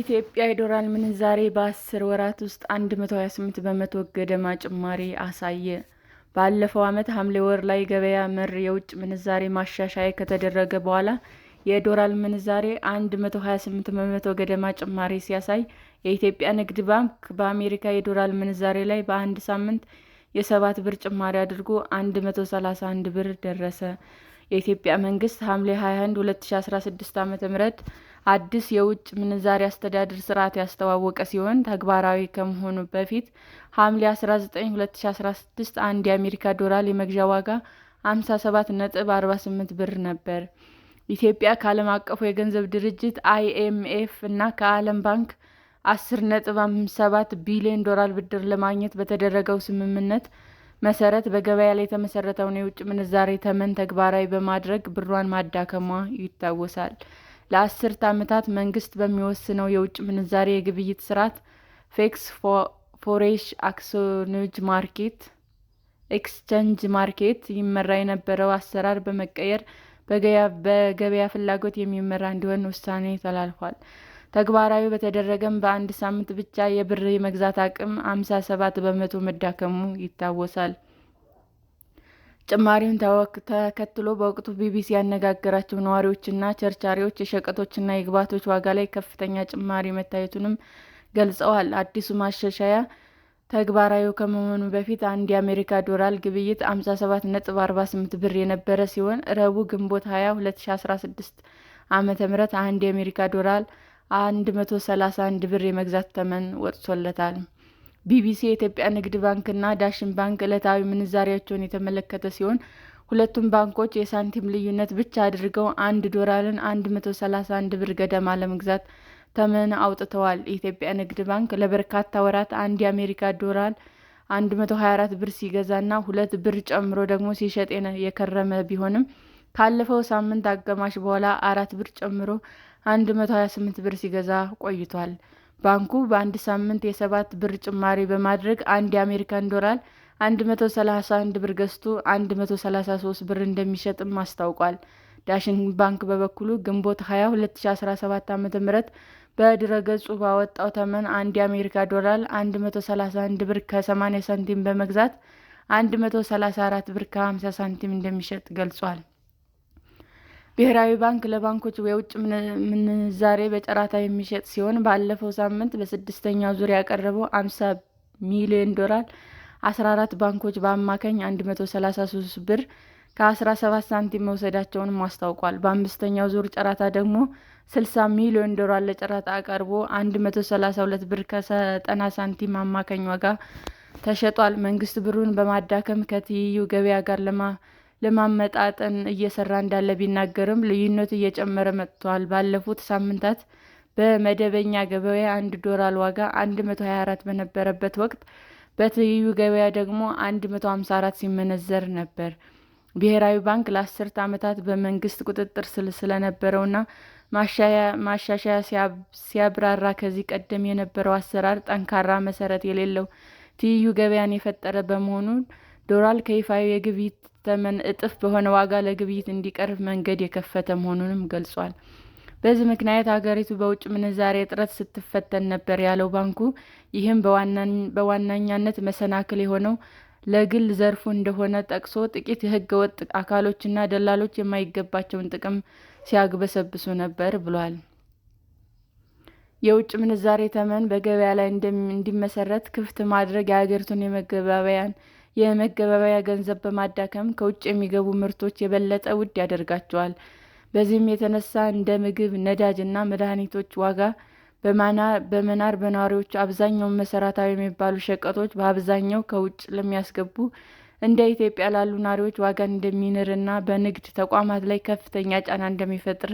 የኢትዮጵያ የዶላር ምንዛሬ በአስር ወራት ውስጥ 128 በመቶ ገደማ ጭማሪ አሳየ። ባለፈው ዓመት ሐምሌ ወር ላይ ገበያ መር የውጭ ምንዛሬ ማሻሻያ ከተደረገ በኋላ የዶላር ምንዛሬ 128 በመቶ ገደማ ጭማሪ ሲያሳይ፣ የኢትዮጵያ ንግድ ባንክ በአሜሪካ የዶላር ምንዛሬ ላይ በአንድ ሳምንት የሰባት ብር ጭማሪ አድርጎ 131 ብር ደረሰ። የኢትዮጵያ መንግስት ሐምሌ 21 2016 ዓ.ም አዲስ የውጭ ምንዛሪ አስተዳደር ስርዓት ያስተዋወቀ ሲሆን ተግባራዊ ከመሆኑ በፊት ሐምሌ 19 2016 አንድ የአሜሪካ ዶላር የመግዣ ዋጋ 57ነጥ 48 ብር ነበር። ኢትዮጵያ ከዓለም አቀፉ የገንዘብ ድርጅት አይኤምኤፍ እና ከዓለም ባንክ 10.57 ቢሊዮን ዶላር ብድር ለማግኘት በተደረገው ስምምነት መሰረት በገበያ ላይ የተመሰረተውን የውጭ ምንዛሬ ተመን ተግባራዊ በማድረግ ብሯን ማዳከሟ ይታወሳል። ለአስርት ዓመታት መንግስት በሚወስነው የውጭ ምንዛሬ የግብይት ስርዓት ፌክስ ፎሬሽ አክሶኖጅ ማርኬት ኤክስቸንጅ ማርኬት ይመራ የነበረው አሰራር በመቀየር በገበያ ፍላጎት የሚመራ እንዲሆን ውሳኔ ተላልፏል። ተግባራዊ በተደረገም በአንድ ሳምንት ብቻ የብር የመግዛት አቅም አምሳ ሰባት በመቶ መዳከሙ ይታወሳል። ጭማሪውን ተከትሎ በወቅቱ ቢቢሲ ያነጋገራቸው ነዋሪዎችና ቸርቻሪዎች የሸቀጦችና የግብዓቶች ዋጋ ላይ ከፍተኛ ጭማሪ መታየቱንም ገልጸዋል። አዲሱ ማሻሻያ ተግባራዊ ከመሆኑ በፊት አንድ የአሜሪካ ዶላር ግብይት 57.48 ብር የነበረ ሲሆን ረቡዕ ግንቦት 20 2016 ዓ.ም አንድ የአሜሪካ ዶላር 131 ብር የመግዛት ተመን ወጥቶለታል። ቢቢሲ የኢትዮጵያ ንግድ ባንክና ዳሽን ባንክ ዕለታዊ ምንዛሪያቸውን የተመለከተ ሲሆን ሁለቱም ባንኮች የሳንቲም ልዩነት ብቻ አድርገው አንድ ዶላርን 131 ብር ገደማ ለመግዛት ተመን አውጥተዋል። የኢትዮጵያ ንግድ ባንክ ለበርካታ ወራት አንድ የአሜሪካ ዶላር 124 ብር ሲገዛና ሁለት ብር ጨምሮ ደግሞ ሲሸጥ የከረመ ቢሆንም ካለፈው ሳምንት አጋማሽ በኋላ አራት ብር ጨምሮ 128 ብር ሲገዛ ቆይቷል። ባንኩ በአንድ ሳምንት የሰባት ብር ጭማሪ በማድረግ አንድ የአሜሪካን ዶላር 131 ብር ገዝቶ 133 ብር እንደሚሸጥም አስታውቋል። ዳሽን ባንክ በበኩሉ ግንቦት 20 2017 ዓ.ም በድረገጹ ባወጣው ተመን አንድ የአሜሪካ ዶላር 131 ብር ከ80 ሳንቲም በመግዛት 134 ብር ከ50 ሳንቲም እንደሚሸጥ ገልጿል። ብሔራዊ ባንክ ለባንኮች የውጭ ምንዛሬ በጨረታ የሚሸጥ ሲሆን ባለፈው ሳምንት በስድስተኛው ዙር ያቀረበው አምሳ ሚሊዮን ዶላር አስራ አራት ባንኮች በአማካኝ አንድ መቶ ሰላሳ ሶስት ብር ከአስራ ሰባት ሳንቲም መውሰዳቸውንም አስታውቋል። በአምስተኛው ዙር ጨረታ ደግሞ ስልሳ ሚሊዮን ዶላር ለጨረታ አቀርቦ አንድ መቶ ሰላሳ ሁለት ብር ከዘጠና ሳንቲም አማካኝ ዋጋ ተሸጧል። መንግስት ብሩን በማዳከም ከትይዩ ገበያ ጋር ለማ ለማመጣጠን እየሰራ እንዳለ ቢናገርም ልዩነቱ እየጨመረ መጥቷል። ባለፉት ሳምንታት በመደበኛ ገበያ አንድ ዶላር ዋጋ 124 በነበረበት ወቅት በትይዩ ገበያ ደግሞ 154 ሲመነዘር ነበር። ብሔራዊ ባንክ ለአስርት ዓመታት በመንግስት ቁጥጥር ስር ስለነበረውና ማሻሻያ ሲያብራራ ከዚህ ቀደም የነበረው አሰራር ጠንካራ መሰረት የሌለው ትይዩ ገበያን የፈጠረ በመሆኑ ዶላር ከይፋዊ የግብይት ተመን እጥፍ በሆነ ዋጋ ለግብይት እንዲቀርብ መንገድ የከፈተ መሆኑንም ገልጿል። በዚህ ምክንያት ሀገሪቱ በውጭ ምንዛሬ እጥረት ስትፈተን ነበር ያለው ባንኩ፣ ይህም በዋነኛነት መሰናክል የሆነው ለግል ዘርፉ እንደሆነ ጠቅሶ ጥቂት የህገ ወጥ አካሎችና ደላሎች የማይገባቸውን ጥቅም ሲያግበሰብሱ ነበር ብሏል። የውጭ ምንዛሬ ተመን በገበያ ላይ እንዲመሰረት ክፍት ማድረግ የሀገሪቱን የመገበያያን የመገበያያ ገንዘብ በማዳከም ከውጭ የሚገቡ ምርቶች የበለጠ ውድ ያደርጋቸዋል። በዚህም የተነሳ እንደ ምግብ፣ ነዳጅ እና መድኃኒቶች ዋጋ በመናር በነዋሪዎቹ አብዛኛውን መሰረታዊ የሚባሉ ሸቀጦች በአብዛኛው ከውጭ ለሚያስገቡ እንደ ኢትዮጵያ ላሉ ነዋሪዎች ዋጋ እንደሚንር እና በንግድ ተቋማት ላይ ከፍተኛ ጫና እንደሚፈጥር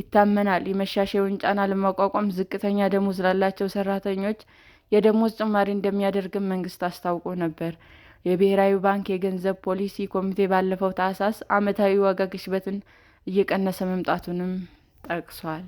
ይታመናል። የመሻሻውን ጫና ለማቋቋም ዝቅተኛ ደሞዝ ላላቸው ሰራተኞች የደሞዝ ጭማሪ እንደሚያደርግም መንግስት አስታውቆ ነበር። የብሔራዊ ባንክ የገንዘብ ፖሊሲ ኮሚቴ ባለፈው ታሳስ ዓመታዊ ዋጋ ግሽበትን እየቀነሰ መምጣቱንም ጠቅሷል።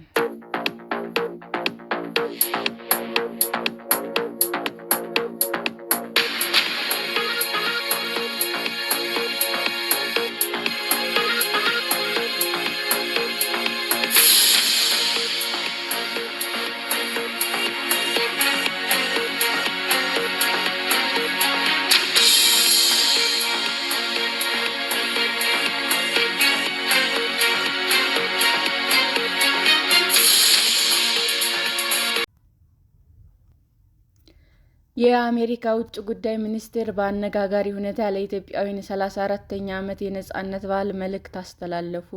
የአሜሪካ ውጭ ጉዳይ ሚኒስቴር በአነጋጋሪ ሁኔታ ለኢትዮጵያውያን ሰላሳ አራተኛ ዓመት የነፃነት በዓል መልእክት አስተላለፉ።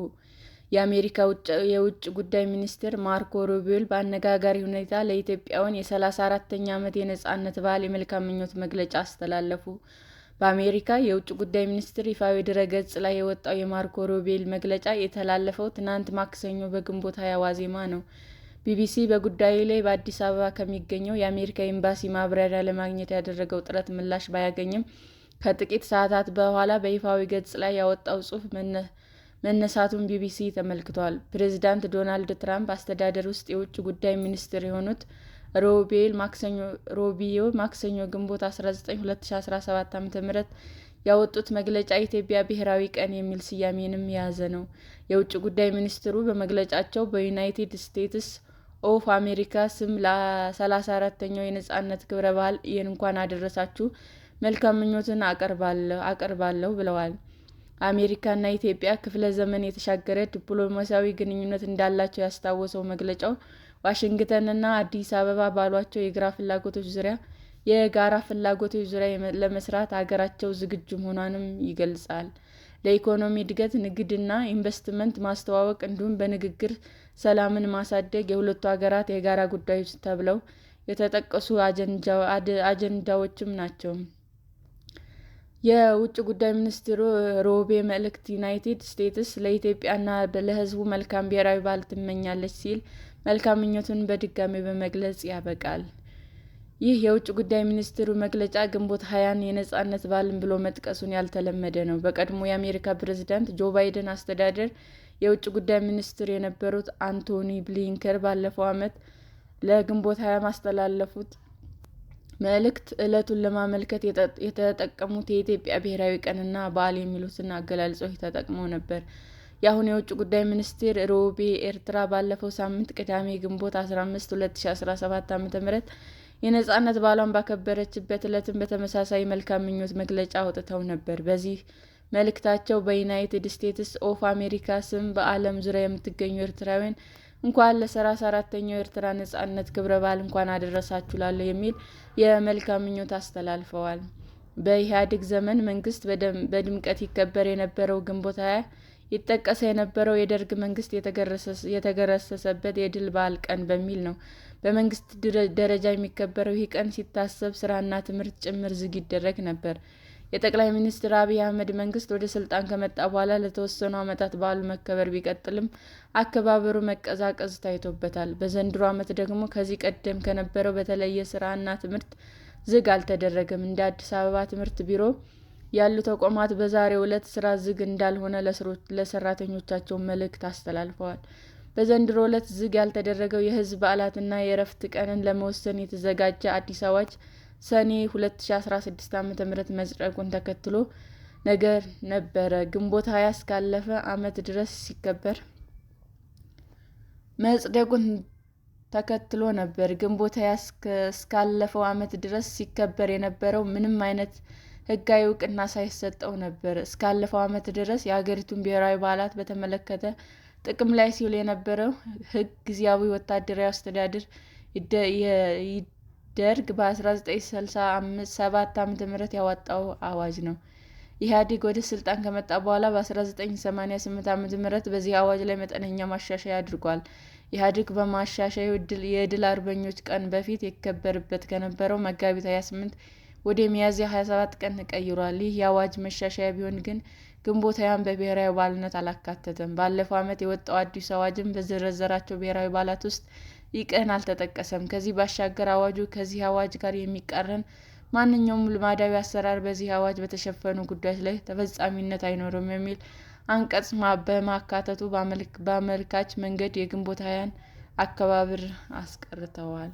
የአሜሪካ የውጭ ጉዳይ ሚኒስትር ማርኮ ሩቢዮ በአነጋጋሪ ሁኔታ ለኢትዮጵያውያን የሰላሳ አራተኛ ዓመት የነፃነት በዓል የመልካም ምኞት መግለጫ አስተላለፉ። በአሜሪካ የውጭ ጉዳይ ሚኒስትር ይፋዊ ድረ-ገጽ ላይ የወጣው የማርኮ ሩቢዮ መግለጫ የተላለፈው ትናንት ማክሰኞ በግንቦት ሃያ ዋዜማ ነው። ቢቢሲ በጉዳዩ ላይ በአዲስ አበባ ከሚገኘው የአሜሪካ ኤምባሲ ማብራሪያ ለማግኘት ያደረገው ጥረት ምላሽ ባያገኝም፣ ከጥቂት ሰዓታት በኋላ በይፋዊ ገጽ ላይ ያወጣው ጽሑፍ መነሳቱን ቢቢሲ ተመልክቷል። ፕሬዚዳንት ዶናልድ ትራምፕ አስተዳደር ውስጥ የውጭ ጉዳይ ሚኒስትር የሆኑት ሮቢዮ ማክሰኞ ግንቦት 19 2017 ዓ.ም ያወጡት መግለጫ ኢትዮጵያ ብሔራዊ ቀን የሚል ስያሜንም የያዘ ነው። የውጭ ጉዳይ ሚኒስትሩ በመግለጫቸው በዩናይትድ ስቴትስ ኦፍ አሜሪካ ስም ለሰላሳ አራተኛው የነጻነት ክብረ በዓል እንኳን አደረሳችሁ መልካም ምኞትን አቀርባለሁ ብለዋል። አሜሪካና ኢትዮጵያ ክፍለ ዘመን የተሻገረ ዲፕሎማሲያዊ ግንኙነት እንዳላቸው ያስታወሰው መግለጫው ዋሽንግተንና አዲስ አበባ ባሏቸው የጋራ ፍላጎቶች ዙሪያ የጋራ ፍላጎቶች ዙሪያ ለመስራት ሀገራቸው ዝግጁ መሆኗንም ይገልጻል። ለኢኮኖሚ እድገት፣ ንግድና ኢንቨስትመንት ማስተዋወቅ እንዲሁም በንግግር ሰላምን ማሳደግ የሁለቱ ሀገራት የጋራ ጉዳዮች ተብለው የተጠቀሱ አጀንዳዎችም ናቸው። የውጭ ጉዳይ ሚኒስትሩ ሮቤ መልእክት ዩናይትድ ስቴትስ ለኢትዮጵያና ለሕዝቡ መልካም ብሔራዊ በዓል ትመኛለች ሲል መልካም ምኞቱን በድጋሚ በመግለጽ ያበቃል። ይህ የውጭ ጉዳይ ሚኒስትሩ መግለጫ ግንቦት ሀያን የነጻነት በዓልን ብሎ መጥቀሱን ያልተለመደ ነው። በቀድሞ የአሜሪካ ፕሬዝዳንት ጆ ባይደን አስተዳደር የውጭ ጉዳይ ሚኒስትር የነበሩት አንቶኒ ብሊንከር ባለፈው ዓመት ለግንቦት ሀያ ማስተላለፉት መልእክት ዕለቱን ለማመልከት የተጠቀሙት የኢትዮጵያ ብሔራዊ ቀንና በዓል የሚሉትን አገላለጾች ተጠቅመው ነበር። የአሁኑ የውጭ ጉዳይ ሚኒስትር ሮቤ ኤርትራ ባለፈው ሳምንት ቅዳሜ ግንቦት 15 2017 ዓ.ም የነፃነት በዓሏን ባከበረችበት ዕለትም በተመሳሳይ መልካም ምኞት መግለጫ አውጥተው ነበር። በዚህ መልእክታቸው በዩናይትድ ስቴትስ ኦፍ አሜሪካ ስም በዓለም ዙሪያ የምትገኙ ኤርትራውያን እንኳን ለሰላሳ አራተኛው ኤርትራ ነፃነት ክብረ በዓል እንኳን አደረሳችሁ ላለሁ የሚል የመልካም ምኞት አስተላልፈዋል። በኢህአዴግ ዘመን መንግስት በድምቀት ይከበር የነበረው ግንቦት 20 ይጠቀሰ የነበረው የደርግ መንግስት የተገረሰሰበት የድል በዓል ቀን በሚል ነው። በመንግስት ደረጃ የሚከበረው ይህ ቀን ሲታሰብ ስራና ትምህርት ጭምር ዝግ ይደረግ ነበር። የጠቅላይ ሚኒስትር አብይ አህመድ መንግስት ወደ ስልጣን ከመጣ በኋላ ለተወሰኑ ዓመታት በዓሉ መከበር ቢቀጥልም አከባበሩ መቀዛቀዝ ታይቶበታል። በዘንድሮ ዓመት ደግሞ ከዚህ ቀደም ከነበረው በተለየ ስራና ትምህርት ዝግ አልተደረገም። እንደ አዲስ አበባ ትምህርት ቢሮ ያሉ ተቋማት በዛሬው ዕለት ስራ ዝግ እንዳልሆነ ለሰራተኞቻቸው መልእክት አስተላልፈዋል። በዘንድሮ ዕለት ዝግ ያልተደረገው የህዝብ በዓላትና የእረፍት ቀንን ለመወሰን የተዘጋጀ አዲስ አዋጅ ሰኔ 2016 ዓ.ም መጽደቁን ተከትሎ ነገር ነበረ። ግንቦት 20 እስካለፈ ዓመት ድረስ ሲከበር መጽደቁን ተከትሎ ነበር። ግንቦት 20 እስካለፈው ዓመት ድረስ ሲከበር የነበረው ምንም አይነት ህጋዊ እውቅና ሳይሰጠው ነበር። እስካለፈው ዓመት ድረስ የሀገሪቱን ብሔራዊ በዓላት በተመለከተ ጥቅም ላይ ሲውል የነበረው ህግ ጊዜያዊ ወታደራዊ አስተዳደር ደርግ በ1967 ዓ.ም ያወጣው አዋጅ ነው። ኢህአዴግ ወደ ስልጣን ከመጣ በኋላ በ1988 ዓ ም በዚህ አዋጅ ላይ መጠነኛ ማሻሻያ አድርጓል። ኢህአዴግ በማሻሻያው የድል አርበኞች ቀን በፊት ይከበርበት ከነበረው መጋቢት 28 ወደ ሚያዝያ 27 ቀን ተቀይሯል። ይህ የአዋጅ መሻሻያ ቢሆን ግን ግንቦት ሃያን በብሔራዊ በዓልነት አላካተተም። ባለፈው ዓመት የወጣው አዲሱ አዋጅም በዘረዘራቸው ብሔራዊ በዓላት ውስጥ ይህ ቀን አልተጠቀሰም። ከዚህ ባሻገር አዋጁ ከዚህ አዋጅ ጋር የሚቃረን ማንኛውም ልማዳዊ አሰራር በዚህ አዋጅ በተሸፈኑ ጉዳዮች ላይ ተፈጻሚነት አይኖረውም የሚል አንቀጽ በማካተቱ በአመልካች መንገድ የግንቦት ሃያን አከባበር አስቀርተዋል።